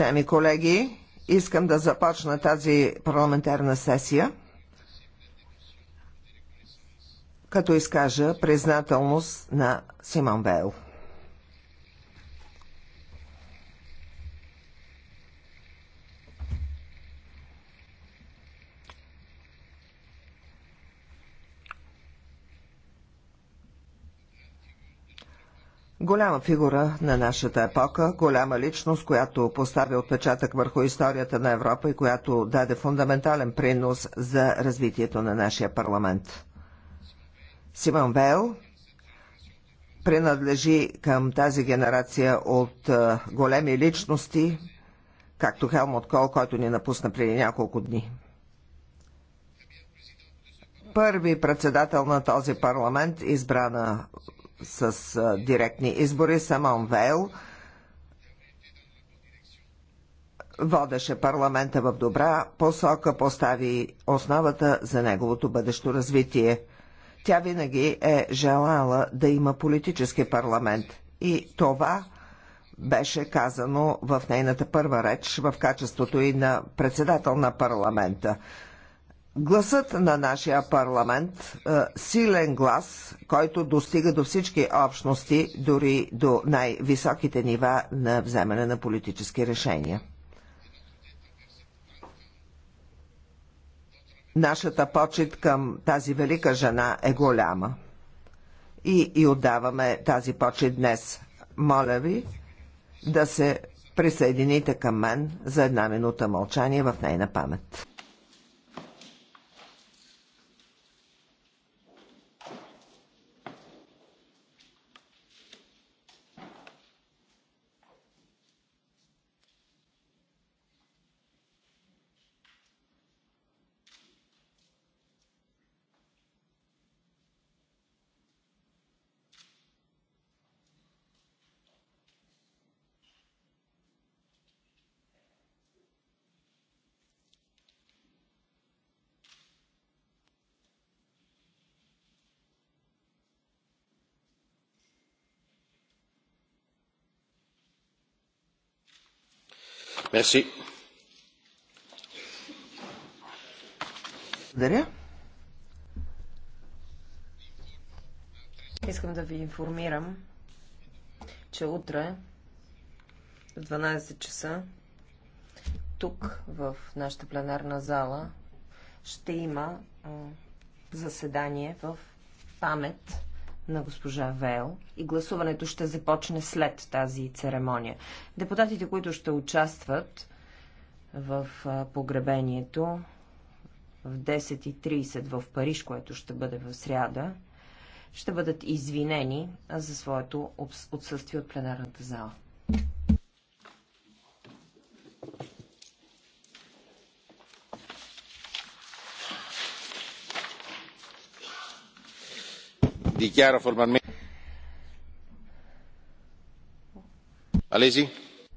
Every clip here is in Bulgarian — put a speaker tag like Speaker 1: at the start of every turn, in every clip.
Speaker 1: Уважаеми колеги, искам да започна тази парламентарна сесия, като изкажа признателност на Симон Вейл. Голяма фигура на нашата епока, голяма личност, която постави отпечатък върху историята на Европа и която даде фундаментален принос за развитието на нашия парламент. Симон Вейл принадлежи към тази генерация от големи личности, както Хелмут Кол, който ни напусна преди няколко дни първи председател на този парламент, избрана с а, директни избори. Самон Вейл водеше парламента в добра посока, постави основата за неговото бъдещо развитие. Тя винаги е желала да има политически парламент. И това беше казано в нейната първа реч в качеството и на председател на парламента. Гласът на нашия парламент, е, силен глас, който достига до всички общности, дори до най-високите нива на вземане на политически решения. Нашата почет към тази велика жена е голяма. И, и отдаваме тази почет днес. Моля ви да се присъедините към мен за една минута мълчание в нейна памет. Благодаря.
Speaker 2: Искам да ви информирам, че утре в 12 часа тук в нашата пленарна зала ще има заседание в памет на госпожа Вейл и гласуването ще започне след тази церемония. Депутатите, които ще участват в погребението в 10.30 в Париж, което ще бъде в сряда, ще бъдат извинени за своето отсъствие от пленарната зала. dichiaro formalmente. Алези.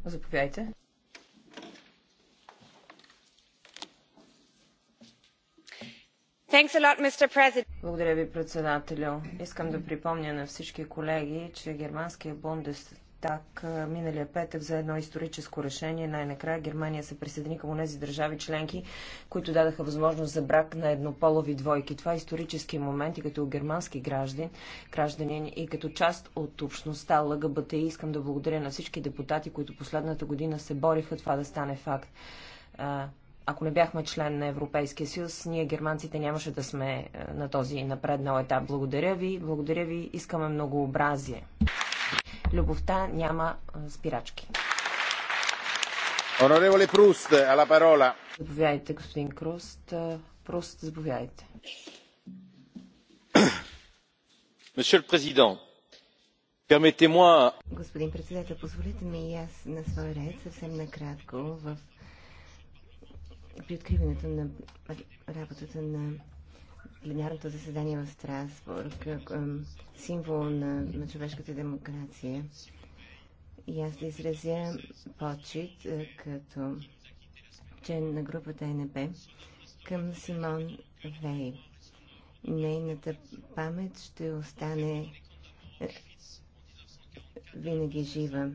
Speaker 2: Заповядайте. Lot, Благодаря ви, председателю. Искам да припомня на всички колеги, че германския Бундес так миналия петък за едно историческо решение. Най-накрая Германия се присъедини към тези държави членки, които дадаха възможност за брак на еднополови двойки. Това е исторически момент и като германски граждан, гражданин и като част от общността ЛГБТ искам да благодаря на всички депутати, които последната година се бориха това да стане факт ако не бяхме член на Европейския съюз, ние германците нямаше да сме на този напреднал етап. Благодаря ви, благодаря ви, искаме многообразие любовта няма спирачки.
Speaker 1: Онореволе Пруст, ала парола.
Speaker 2: Заповядайте, господин Круст. Пруст, заповядайте. Месье президент,
Speaker 3: Господин председател, позволете ми и аз на свой ред съвсем накратко в при откриването на работата на пленарното заседание в Страсбург, символ на човешката демокрация. И аз да изразя почет като член на групата НП към Симон Вей. Нейната памет ще остане винаги жива.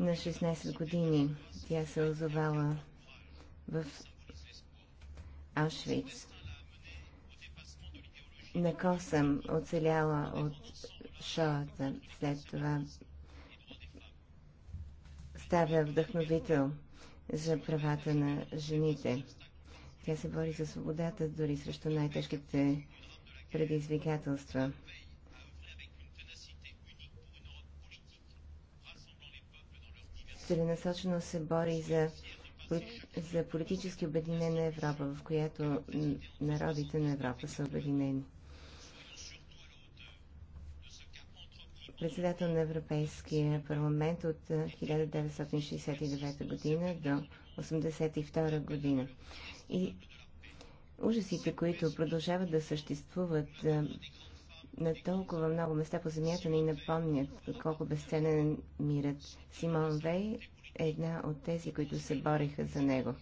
Speaker 3: На 16 години тя се озовала в Аушвиц. Нако съм оцеляла от шоата. След това ставя вдъхновител за правата на жените. Тя се бори за свободата дори срещу най-тежките предизвикателства. Целенасочено се бори за, за политически обединена Европа, в която народите на Европа са обединени. председател на Европейския парламент от 1969 година до 1982 година. И ужасите, които продължават да съществуват на толкова много места по земята ни напомнят колко безценен е мирът. Симон Вей е една от тези, които се бориха за него.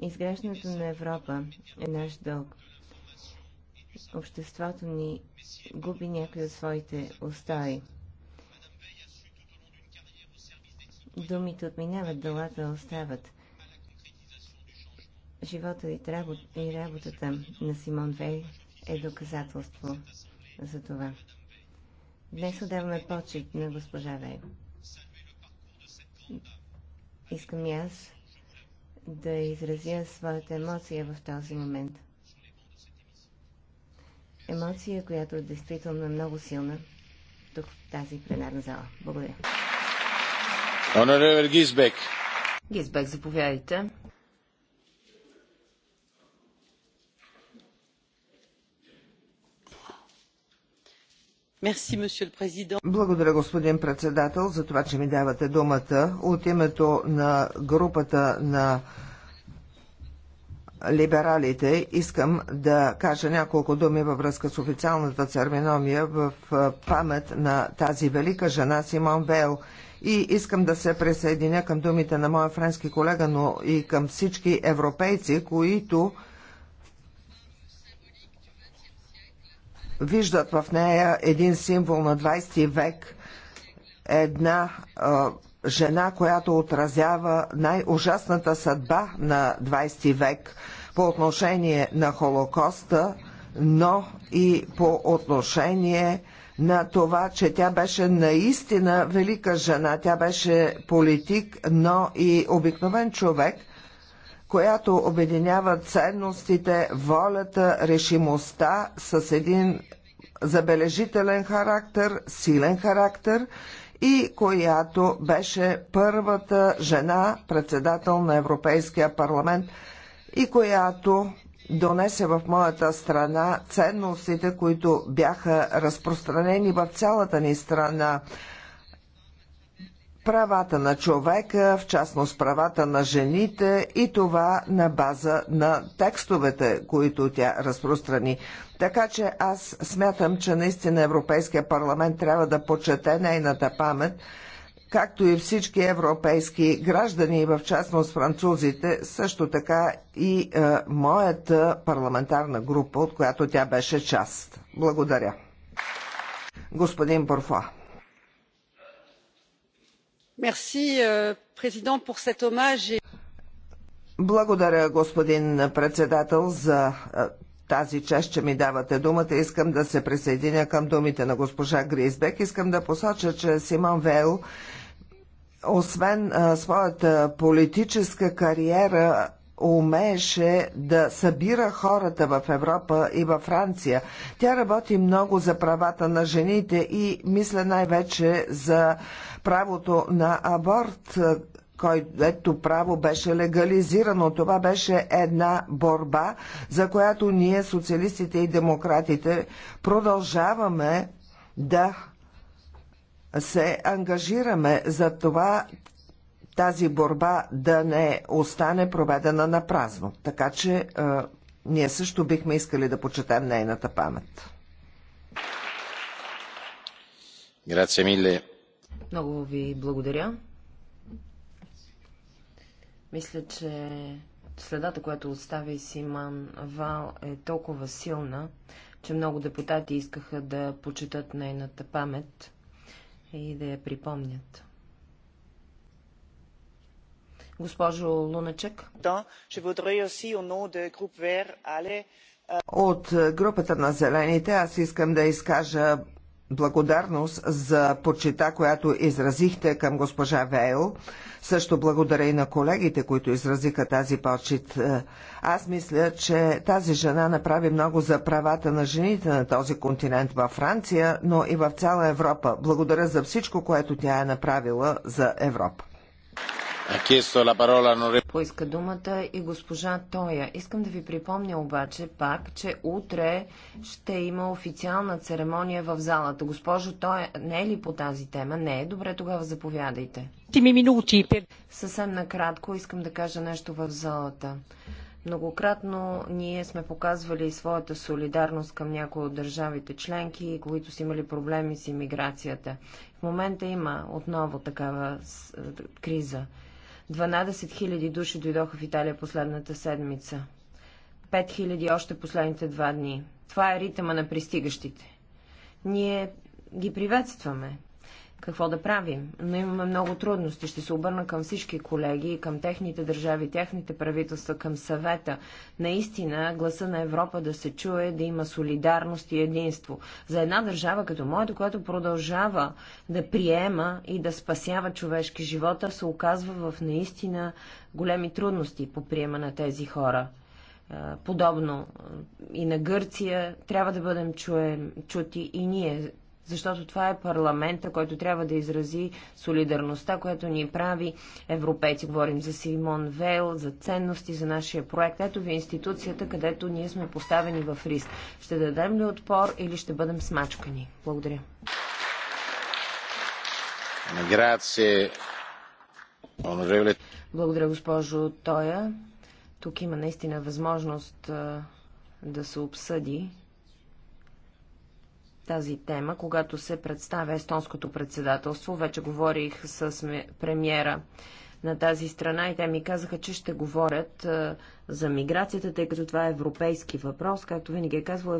Speaker 3: Изграждането на Европа е наш дълг. Обществото ни губи някои от своите устои. Думите отминават, делата остават. Живота и, трабо, и работата на Симон Вей е доказателство за това. Днес отдаваме почет на госпожа Вей. Искам и аз да изразя своята емоция в този момент емоция, която е действително много силна тук в тази пленарна зала. Благодаря.
Speaker 2: Honorable Гизбек.
Speaker 3: Гизбек, заповядайте.
Speaker 1: Благодаря, господин председател, за това, че ми давате думата. От името на групата на либералите искам да кажа няколко думи във връзка с официалната терминомия в памет на тази велика жена Симон Вейл. И искам да се присъединя към думите на моя френски колега, но и към всички европейци, които виждат в нея един символ на 20 век, една жена, която отразява най-ужасната съдба на 20 век по отношение на Холокоста, но и по отношение на това, че тя беше наистина велика жена. Тя беше политик, но и обикновен човек, която обединява ценностите, волята, решимостта с един забележителен характер, силен характер – и която беше първата жена председател на Европейския парламент и която донесе в моята страна ценностите, които бяха разпространени в цялата ни страна правата на човека, в частност правата на жените и това на база на текстовете, които тя разпространи. Така че аз смятам, че наистина Европейския парламент трябва да почете нейната памет, както и всички европейски граждани, в частност французите, също така и е, моята парламентарна група, от която тя беше част. Благодаря. Господин Борфа. Euh, Благодаря, господин председател, за е, тази чест, че ми давате думата. Искам да се присъединя към думите на госпожа Гризбек. Искам да посоча, че Симон Вейл освен а, е, своята политическа кариера, умееше да събира хората в Европа и във Франция. Тя работи много за правата на жените и мисля най-вече за правото на аборт, което право беше легализирано. Това беше една борба, за която ние, социалистите и демократите, продължаваме да се ангажираме за това тази борба да не остане проведена на празно. Така че а, е, ние също бихме искали да почетем нейната памет.
Speaker 2: Грация миле. Много ви благодаря. Мисля, че следата, която остави Симан Вал е толкова силна, че много депутати искаха да почитат нейната памет и да я припомнят
Speaker 3: госпожо Луначек. Е
Speaker 1: От е, групата на зелените аз искам да изкажа благодарност за почита, която изразихте към госпожа Вейл. Също благодаря и на колегите, които изразиха тази почет. Е, аз мисля, че тази жена направи много за правата на жените на този континент във Франция, но и в цяла Европа. Благодаря за всичко, което тя е направила за Европа.
Speaker 2: Поиска думата и госпожа Тоя. Искам да ви припомня обаче пак, че утре ще има официална церемония в залата. Госпожо Тоя, не е ли по тази тема? Не е. Добре, тогава заповядайте. Ти ми минути. Съвсем накратко искам да кажа нещо в залата. Многократно ние сме показвали своята солидарност към някои от държавите членки, които са имали проблеми с иммиграцията. В момента има отново такава е, криза. 12 000 души дойдоха в Италия последната седмица. 5 000 още последните два дни. Това е ритъма на пристигащите. Ние ги приветстваме какво да правим. Но имаме много трудности. Ще се обърна към всички колеги, към техните държави, техните правителства, към съвета. Наистина гласа на Европа да се чуе, да има солидарност и единство. За една държава като моето, която продължава да приема и да спасява човешки живота, се оказва в наистина големи трудности по приема на тези хора подобно и на Гърция, трябва да бъдем чуем, чути и ние защото това е парламента, който трябва да изрази солидарността, която ни прави европейци. Говорим за Симон Вейл, за ценности, за нашия проект. Ето ви институцията, където ние сме поставени в риск. Ще дадем ли отпор или ще бъдем смачкани? Благодаря. Благодаря, госпожо Тоя. Тук има наистина възможност да се обсъди тази тема, когато се представя естонското председателство. Вече говорих с премиера на тази страна и те ми казаха, че ще говорят за миграцията, тъй като това е европейски въпрос, както винаги е казвал